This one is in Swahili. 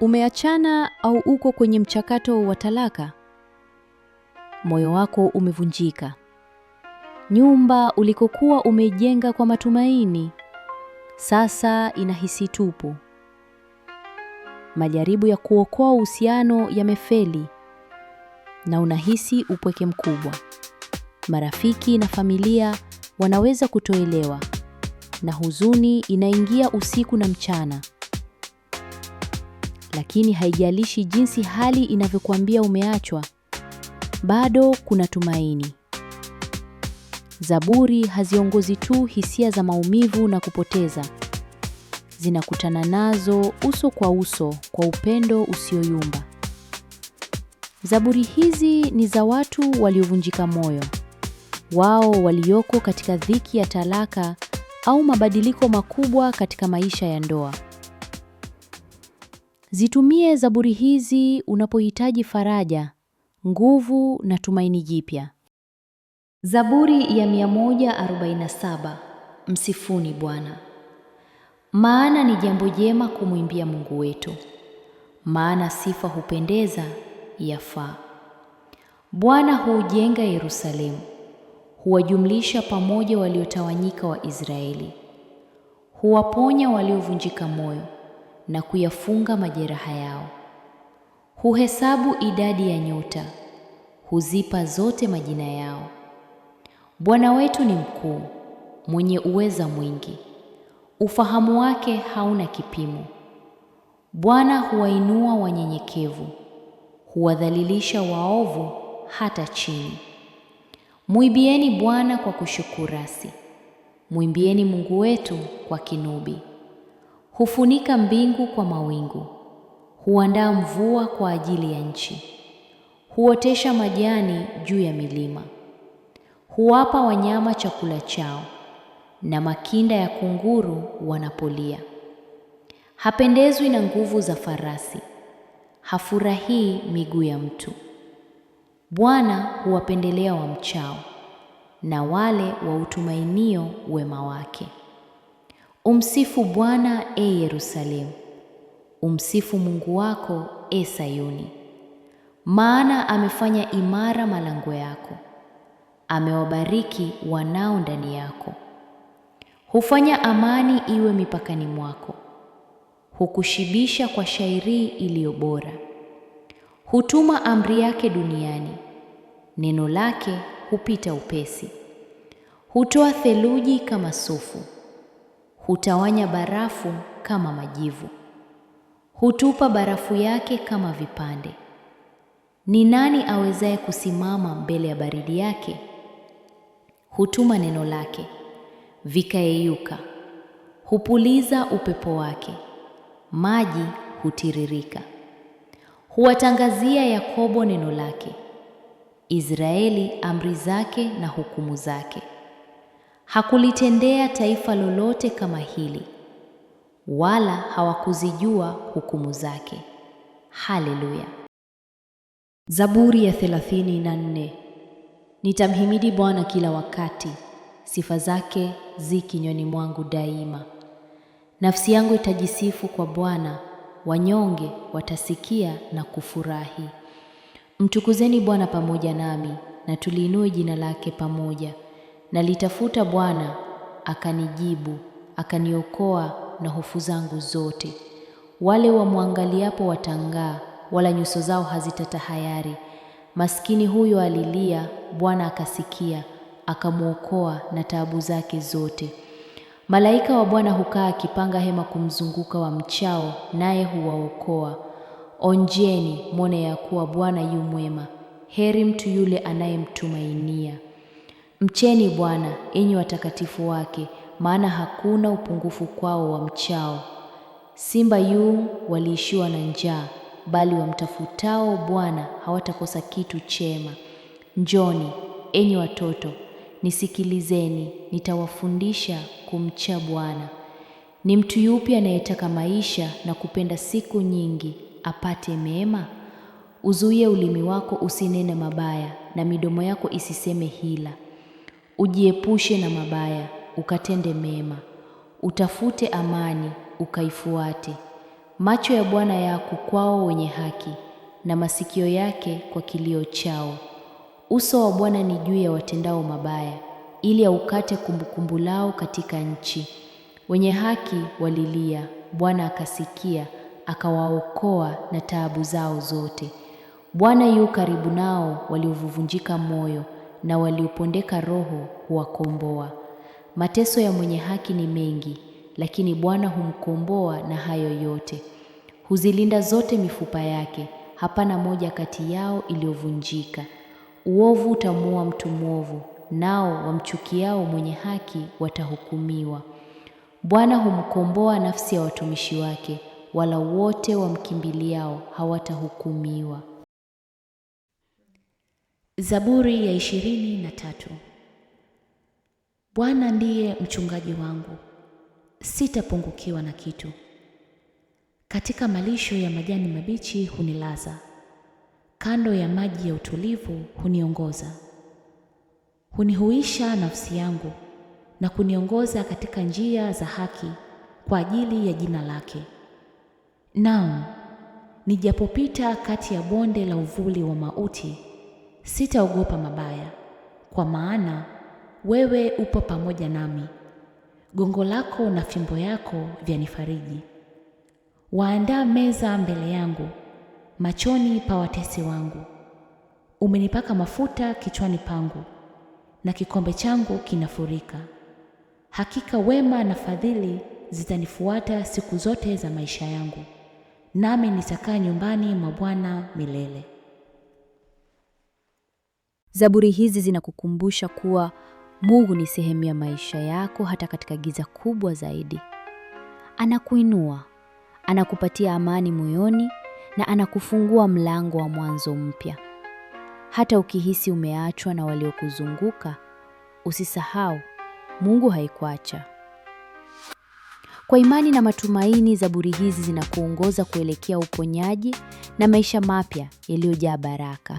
Umeachana au uko kwenye mchakato wa talaka? Moyo wako umevunjika. Nyumba ulikokuwa umejenga kwa matumaini sasa inahisi tupu. Majaribu ya kuokoa uhusiano yamefeli na unahisi upweke mkubwa. Marafiki na familia wanaweza kutoelewa na huzuni inaingia usiku na mchana lakini haijalishi jinsi hali inavyokuambia umeachwa, bado kuna tumaini. Zaburi haziongozi tu hisia za maumivu na kupoteza, zinakutana nazo uso kwa uso kwa upendo usioyumba. Zaburi hizi ni za watu waliovunjika moyo, wao walioko katika dhiki ya talaka au mabadiliko makubwa katika maisha ya ndoa. Zitumie zaburi hizi unapohitaji faraja, nguvu na tumaini jipya. Zaburi ya 147. Msifuni Bwana. Maana ni jambo jema kumwimbia Mungu wetu, maana sifa hupendeza, yafaa. Bwana huujenga Yerusalemu, huwajumlisha pamoja waliotawanyika wa Israeli, huwaponya waliovunjika moyo na kuyafunga majeraha yao. Huhesabu idadi ya nyota, huzipa zote majina yao. Bwana wetu ni mkuu, mwenye uweza mwingi, ufahamu wake hauna kipimo. Bwana huwainua wanyenyekevu, huwadhalilisha waovu hata chini. Mwimbieni Bwana kwa kushukurasi, mwimbieni Mungu wetu kwa kinubi. Hufunika mbingu kwa mawingu, huandaa mvua kwa ajili ya nchi, huotesha majani juu ya milima, huwapa wanyama chakula chao, na makinda ya kunguru wanapolia. Hapendezwi na nguvu za farasi, hafurahii miguu ya mtu. Bwana huwapendelea wamchao, na wale utumainio wema wake. Umsifu Bwana, e Yerusalemu. Umsifu Mungu wako, e Sayuni. Maana amefanya imara malango yako, amewabariki wanao ndani yako. Hufanya amani iwe mipakani mwako, hukushibisha kwa shairi iliyo bora. Hutuma amri yake duniani, neno lake hupita upesi. Hutoa theluji kama sufu hutawanya barafu kama majivu, hutupa barafu yake kama vipande. Ni nani awezaye kusimama mbele ya baridi yake? Hutuma neno lake vikayeyuka, hupuliza upepo wake, maji hutiririka. Huwatangazia Yakobo neno lake, Israeli amri zake na hukumu zake hakulitendea taifa lolote kama hili, wala hawakuzijua hukumu zake. Haleluya. Zaburi ya 34. Nitamhimidi Bwana kila wakati, sifa zake zi kinywani mwangu daima. Nafsi yangu itajisifu kwa Bwana, wanyonge watasikia na kufurahi. Mtukuzeni Bwana pamoja nami, na tuliinue jina lake pamoja. Nalitafuta Bwana akanijibu, akaniokoa na hofu zangu zote. Wale wamwangaliapo watangaa, wala nyuso zao hazitatahayari. Maskini huyo alilia, Bwana akasikia, akamwokoa na taabu zake zote. Malaika wa Bwana hukaa akipanga hema kumzunguka wa mchao naye huwaokoa. Onjeni mwone ya kuwa Bwana yu mwema. Heri mtu yule anayemtumainia. Mcheni Bwana enyi watakatifu wake, maana hakuna upungufu kwao wa mchao Simba yu waliishiwa na njaa, bali wamtafutao Bwana hawatakosa kitu chema. Njoni enyi watoto, nisikilizeni, nitawafundisha kumcha Bwana. Ni mtu yupi anayetaka maisha na kupenda siku nyingi apate mema? Uzuie ulimi wako usinene mabaya, na midomo yako isiseme hila. Ujiepushe na mabaya ukatende mema, utafute amani ukaifuate. Macho ya Bwana yako kwao wenye haki, na masikio yake kwa kilio chao. Uso wa Bwana ni juu ya watendao mabaya, ili aukate kumbukumbu lao katika nchi. Wenye haki walilia, Bwana akasikia, akawaokoa na taabu zao zote. Bwana yu karibu nao waliovunjika moyo na waliopondeka roho huwakomboa. Mateso ya mwenye haki ni mengi, lakini Bwana humkomboa na hayo yote. Huzilinda zote mifupa yake, hapana moja kati yao iliyovunjika. Uovu utamuua mtu mwovu, nao wamchukiao mwenye haki watahukumiwa. Bwana humkomboa nafsi ya watumishi wake, wala wote wamkimbiliao hawatahukumiwa. Zaburi ya ishirini na tatu. Bwana ndiye mchungaji wangu, sitapungukiwa na kitu. Katika malisho ya majani mabichi hunilaza, kando ya maji ya utulivu huniongoza. Hunihuisha nafsi yangu na kuniongoza katika njia za haki kwa ajili ya jina lake. Naam, nijapopita kati ya bonde la uvuli wa mauti Sitaogopa mabaya, kwa maana wewe upo pamoja nami. Gongo lako na fimbo yako vyanifariji. Waandaa meza mbele yangu machoni pa watesi wangu. Umenipaka mafuta kichwani pangu, na kikombe changu kinafurika. Hakika wema na fadhili zitanifuata siku zote za maisha yangu, nami nitakaa nyumbani mwa Bwana milele. Zaburi hizi zinakukumbusha kuwa Mungu ni sehemu ya maisha yako hata katika giza kubwa zaidi. Anakuinua, anakupatia amani moyoni na anakufungua mlango wa mwanzo mpya. Hata ukihisi umeachwa na waliokuzunguka, usisahau Mungu haikuacha. Kwa imani na matumaini, Zaburi hizi zinakuongoza kuelekea uponyaji na maisha mapya yaliyojaa baraka.